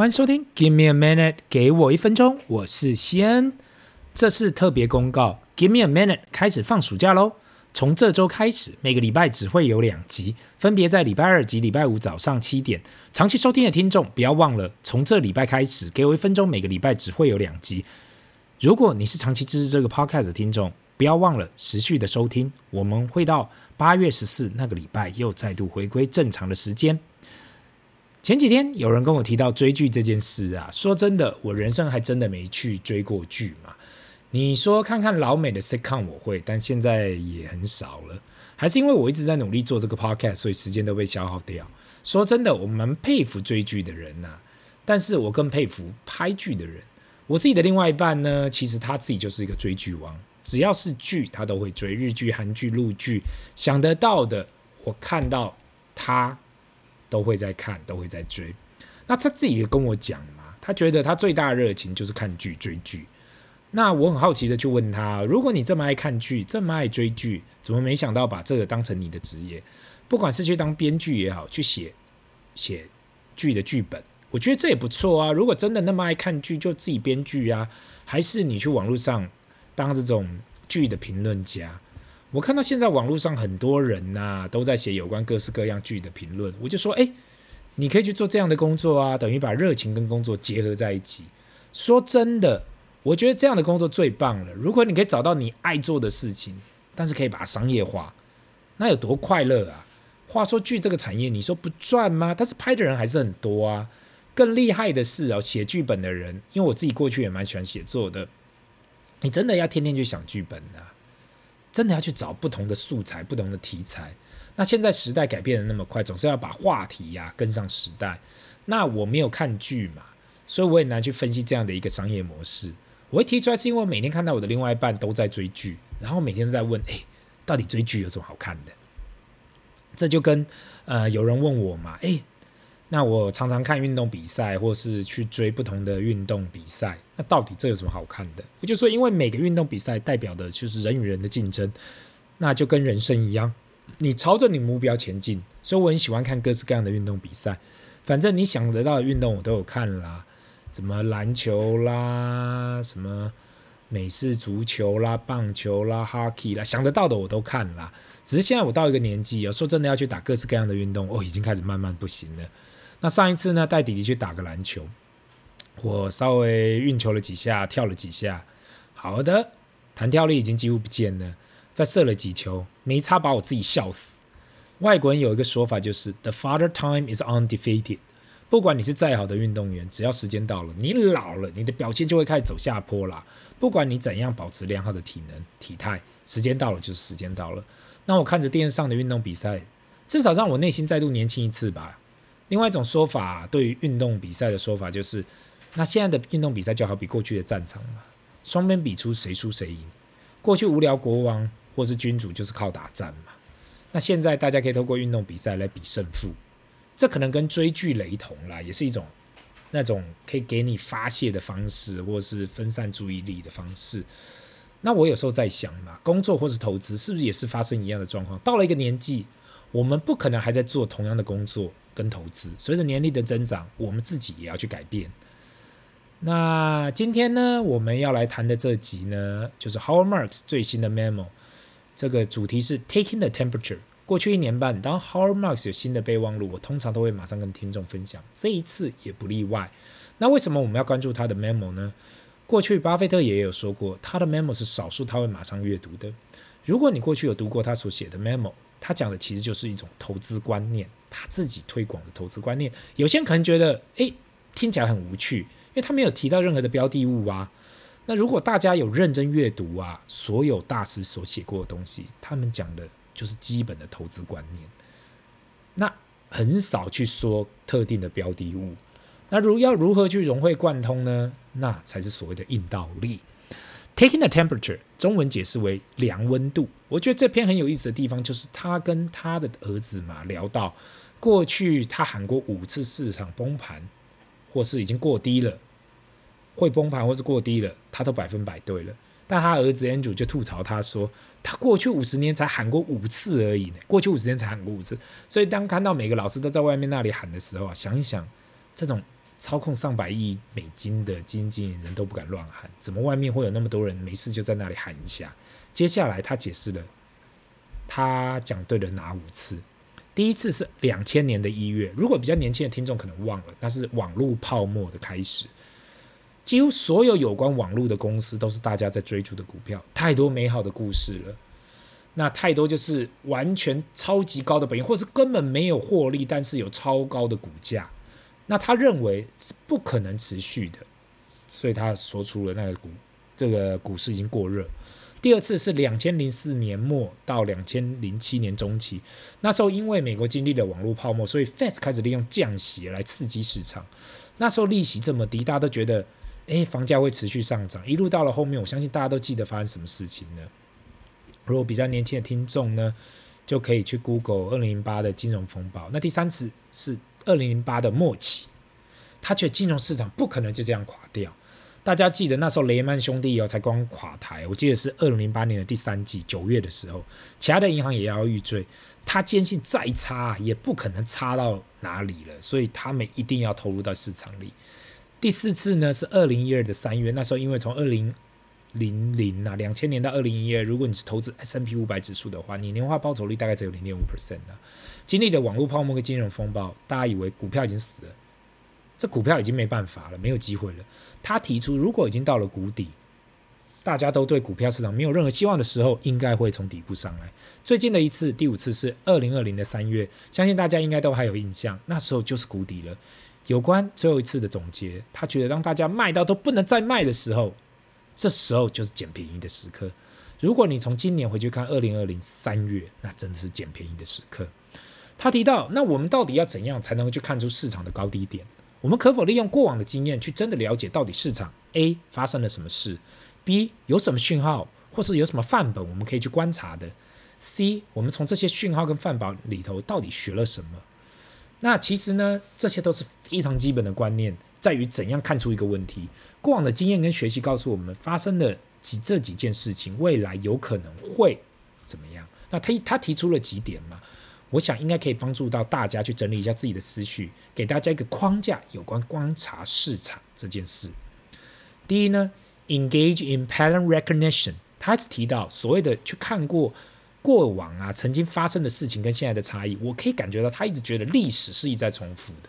歡迎收聽 Give me a minute，給我一分鐘，我是西恩。這是特別公告，Give me a minute，開始放暑假嘍！從這週開始，每個禮拜只會有兩集，分別在禮拜二及禮拜五早上七點。長期收聽的聽眾，不要忘了，從這禮拜開始，給我一分鐘，每個禮拜只會有兩集。如果你是長期支持這個 podcast 的聽眾，不要忘了持續的收聽。我們會到八月十四那個禮拜，又再度回歸正常的時間。前幾天有人跟我提到追劇這件事啊，說真的，我人生還真的沒去追過劇嘛，你說看看老美的 sitcom，我會，但現在也很少了，還是因為我一直在努力做這個 podcast，所以時間都被消耗掉。說真的，我蠻佩服追劇的人啊，但是我更佩服拍劇的人。我自己的另外一半呢，其實他自己就是一個追劇王，只要是劇他都會追，日劇、韓劇、陸劇，想得到的我看到他，都會在看，都會在追。那他自己也跟我講嘛，他覺得他最大的熱情就是看劇、追劇。那我很好奇的去問他，如果你這麼愛看劇，這麼愛追劇，怎麼沒想到把這個當成你的職業？不管是去當編劇也好，去寫寫劇的劇本，我覺得這也不錯啊。如果真的那麼愛看劇，就自己編劇啊，還是你去網絡上當這種劇的評論家？我看到現在網絡上很多人吶，都在寫有關各式各樣劇的評論。我就說，誒，你可以去做這樣的工作啊，等於把熱情跟工作結合在一起。說真的，我覺得這樣的工作最棒了。如果你可以找到你愛做的事情，但是可以把它商業化，那有多快樂啊！話說劇這個產業，你說不賺嗎？但是拍的人還是很多啊。更厲害的是哦，寫劇本的人，因為我自己過去也蠻喜歡寫作的，你真的要天天去想劇本啊。真的要去找不同的素材，不同的題材，那現在時代改變得那麼快，總是要把話題呀、啊、跟上時代。那我沒有看劇嘛，所以我也難去分析這樣的一個商業模式。我會提出來，是因為每天看到我的另外一半都在追劇，然後每天在問，哎，到底追劇有什麼好看的？這就跟呃，有人問我嘛，哎，那我常常看運動比賽，或是去追不同的運動比賽。那到底這有什麼好看的？我就說，因為每個運動比賽代表的就是人與人的競爭，那就跟人生一樣，你朝着你目標前進。所以我很喜歡看各式各樣的運動比賽。反正你想得到的運動我都有看啦，什麼籃球啦，什麼美式足球啦，棒球啦，hockey 啦，想得到的我都看啦。只是現在我到一個年紀時說真的要去打各式各樣的運動，我、哦、已經開始慢慢不行了。那上一次呢，帶弟弟去打個籃球，我稍微運球了幾下，跳了幾下，好的，彈跳力已經幾乎不見了。再射了幾球，沒差，把我自己笑死。外國人有一個說法，就是 “the father time is undefeated”。不管你是再好的運動員，只要時間到了，你老了，你的表現就會開始走下坡了。不管你怎樣保持良好的體能、體態，時間到了就是時間到了。那我看着電視上的運動比賽，至少讓我內心再度年輕一次吧。另外一種說法，對於運動比賽的說法就是，那現在的運動比賽就好比過去的戰場嘛，雙邊比出誰輸誰贏。過去無聊，國王或是君主就是靠打仗嘛。那現在大家可以透過運動比賽來比勝負，這可能跟追劇雷同啦，也是一種那種可以給你發洩的方式，或是分散注意力的方式。那我有時候在想嘛，工作或是投資是不是也是發生一樣的狀況？到了一個年紀，我們不可能還在做同樣的工作。跟投資，隨着年齡的增長，我們自己也要去改變。那今天呢，我們要來談的這集呢，就是 Howard Marks 最新的 memo。這個主題是 Taking the Temperature。過去一年半，當 Howard Marks 有新的備忘錄，我通常都會馬上跟聽眾分享。這一次也不例外。那為什麼我們要關注他的 memo 呢？過去巴菲特爺爺也有說過，他的 memo 是少數他會馬上閱讀的。如果你過去有讀過他所寫的 memo，他講的其實就是一種投資觀念，他自己推廣的投資觀念。有些人可能覺得，誒，聽起來很無趣，因為他沒有提到任何的標的物啊。那如果大家有認真閱讀啊，所有大師所寫過的東西，他們講的就是基本的投資觀念，那很少去說特定的標的物。那如要如何去融會貫通呢？那才是所謂的硬道理。Taking the temperature，中文解釋為量溫度。我覺得這篇很有意思的地方，就是他跟他的兒子嘛聊到，過去他喊過五次市場崩盤，或是已經過低了，會崩盤或是過低了，他都百分百對了。但他兒子 Andrew 就吐槽他說，他過去五十年才喊過五次而已呢，過去五十年才喊過五次。所以當看到每個老師都在外面那裡喊的時候啊，想一想這種。操控上百億美金的基金經理人都不敢亂喊，怎麼外面會有那麼多人沒事就在那裡喊一下。接下來他解釋了，他講對了哪五次？第一次是兩千年的一月，如果比較年輕的聽眾可能忘了，那是網絡泡沫的開始，幾乎所有有關網絡的公司都是大家在追逐的股票，太多美好的故事了，那太多就是完全超級高的本金，或是根本沒有獲利，但是有超高的股價。那他認為是不可能持續的，所以他說出了那個股，這個股市已經過熱。第二次是兩千零四年末到兩千零七年中期，那時候因為美國經歷了網絡泡沫，所以 Fed 開始利用降息來刺激市場。那時候利息這麼低，大家都覺得，哎，房價會持續上漲。一路到了後面，我相信大家都記得發生什麼事情了。如果比較年輕的聽眾呢，就可以去 Google 二零零八的金融風暴。那第三次是。二零零八的末期，他覺得金融市場不可能就這樣垮掉。大家記得那時候雷曼兄弟哦才剛垮台，我記得是二零零八年的第三季，九月的時候，其他的銀行也搖搖欲墜。他堅信再差也不可能差到哪裡了，所以他們一定要投入到市場裡。第四次呢，是二零一二的三月，那時候因為從二零。零零啊，兩千年到二零一二，如果你是投資 S&P 五百指數的話，你年化報酬率大概只有零點五 percent。經歷的網絡泡沫跟金融風暴，大家以為股票已經死了，這股票已經沒辦法了，沒有機會了。他提出，如果已經到了谷底，大家都對股票市場沒有任何希望的時候，應該會從底部上來。最近的一次，第五次是二零二零的三月，相信大家應該都還有印象，那時候就是谷底了。有關最後一次的總結，他覺得當大家賣到都不能再賣的時候。這時候就是撿便宜的時刻。如果你從今年回去看二零二零三月，那真的是撿便宜的時刻。他提到，那我們到底要怎樣才能夠去看出市場的高低點？我們可否利用過往的經驗去真的了解到底市場 A 發生了什麼事？B 有什麼訊號，或是有什麼範本我們可以去觀察的？C 我們從這些訊號跟範本裡頭到底學了什麼？那其實呢，這些都是非常基本的觀念。在於怎樣看出一個問題。過往的經驗跟學習告訴我們，發生了幾這幾件事情，未來有可能會怎麼樣？那他他提出了幾點嘛？我想應該可以幫助到大家去整理一下自己的思緒，給大家一個框架有關觀察市場這件事。第一呢，engage in pattern recognition，他一直提到所謂的去看過過往啊曾經發生的事情跟現在的差異。我可以感覺到他一直覺得歷史是一再重複的。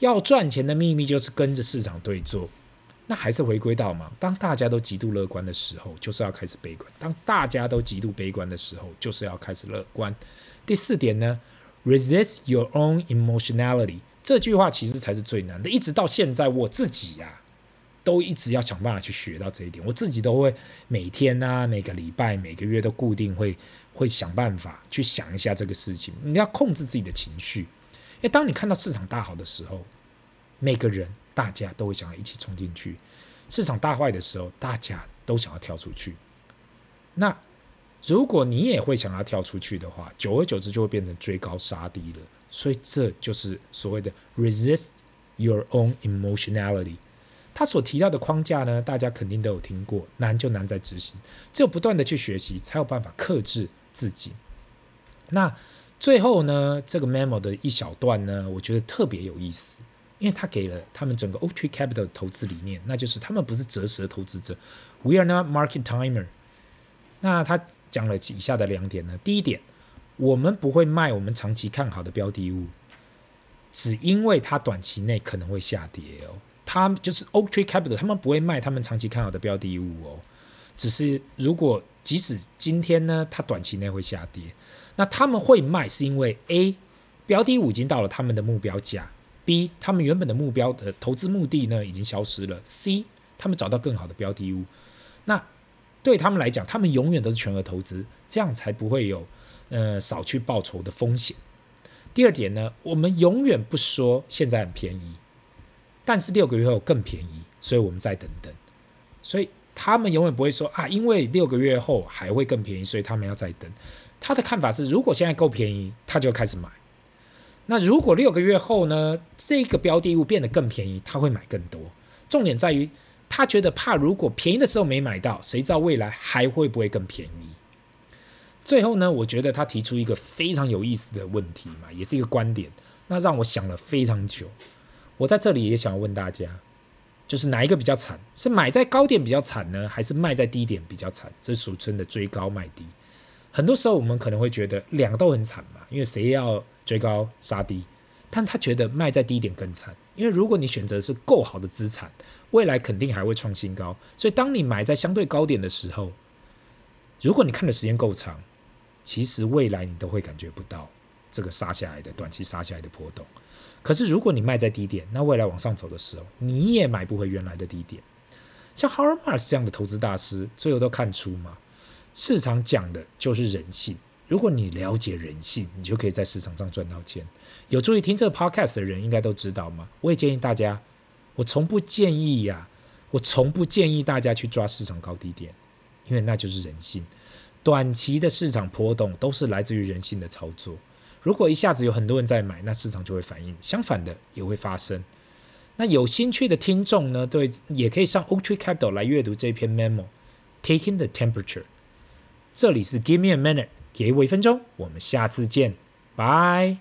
要賺錢的秘密就是跟着市場對做，那還是回歸到嘛？當大家都極度樂觀的時候，就是要開始悲觀；當大家都極度悲觀的時候，就是要開始樂觀。第四點呢，resist your own emotionality，這句話其實才是最難的。一直到現在，我自己呀、啊，都一直要想辦法去學到這一點。我自己都會每天啊，每個禮拜、每個月都固定會會想辦法去想一下這個事情。你要控制自己的情緒。當你看到市場大好的時候，每個人大家都會想要一起衝進去；市場大壞的時候，大家都想要跳出去。那如果你也會想要跳出去的話，久而久之就會變得追高殺低了。所以這就是所謂的 resist your own emotionality。他所提到的框架呢，大家肯定都有聽過，難就難在執行。只有不斷地去學習，才有辦法克制自己。那。最後呢，這個 memo 的一小段呢，我覺得特別有意思，因為他給了他們整個 Oaktree Capital 的投資理念，那就是他們不是擇時投資者，We are not market timer。那他講了以下的兩點呢，第一點，我們不會賣我們長期看好的標的物，只因為它短期內可能會下跌哦。他就是 Oaktree Capital，他們不會賣他們長期看好的標的物哦，只是如果即使今天呢，它短期內會下跌。那他們會賣，是因為 A 標的物已經到了他們的目標價；B 他們原本的目標的投資目的呢，已經消失了；C 他們找到更好的標的物。那對他們來講，他們永遠都是全額投資，這樣才不會有呃少去報酬的風險。第二點呢，我們永遠不說現在很便宜，但是六個月後更便宜，所以我們再等等。所以他們永遠不會說啊，因為六個月後還會更便宜，所以他們要再等。他的看法是，如果現在夠便宜，他就開始買。那如果六個月後呢，這個標的物變得更便宜，他會買更多。重點在於，他覺得怕如果便宜的時候沒買到，誰知道未來還會不會更便宜？最後呢，我覺得他提出一個非常有意思的問題嘛，也是一個觀點。那讓我想了非常久。我在這裡也想要問大家，就是哪一個比較慘？是買在高點比較慘呢，還是賣在低點比較慘？這是俗稱的追高賣低。很多時候我們可能會覺得兩個都很慘嘛，因為誰要追高殺低，但他覺得賣在低點更慘，因為如果你選擇是夠好的資產，未來肯定還會創新高，所以當你買在相對高點的時候，如果你看的時間夠長，其實未來你都會感覺不到這個殺下來的短期殺下來的波動。可是如果你賣在低點，那未來往上走的時候，你也買不回原來的低點。像 Howard Marks 這樣的投資大師，最後都看出嘛。市場講的就是人性。如果你了解人性，你就可以在市場上賺到錢。有注意聽這個 podcast 的人應該都知道嘛。我也建議大家，我從不建議呀、啊，我從不建議大家去抓市場高低點，因為那就是人性。短期的市場波動都是來自於人性的操作。如果一下子有很多人在買，那市場就會反應；相反的也會發生。那有興趣的聽眾呢，對，也可以上 Oaktree Capital 來閱讀這篇 memo，Taking the Temperature。這裡是 Give me a minute，給我一分鐘，我們下次見，拜。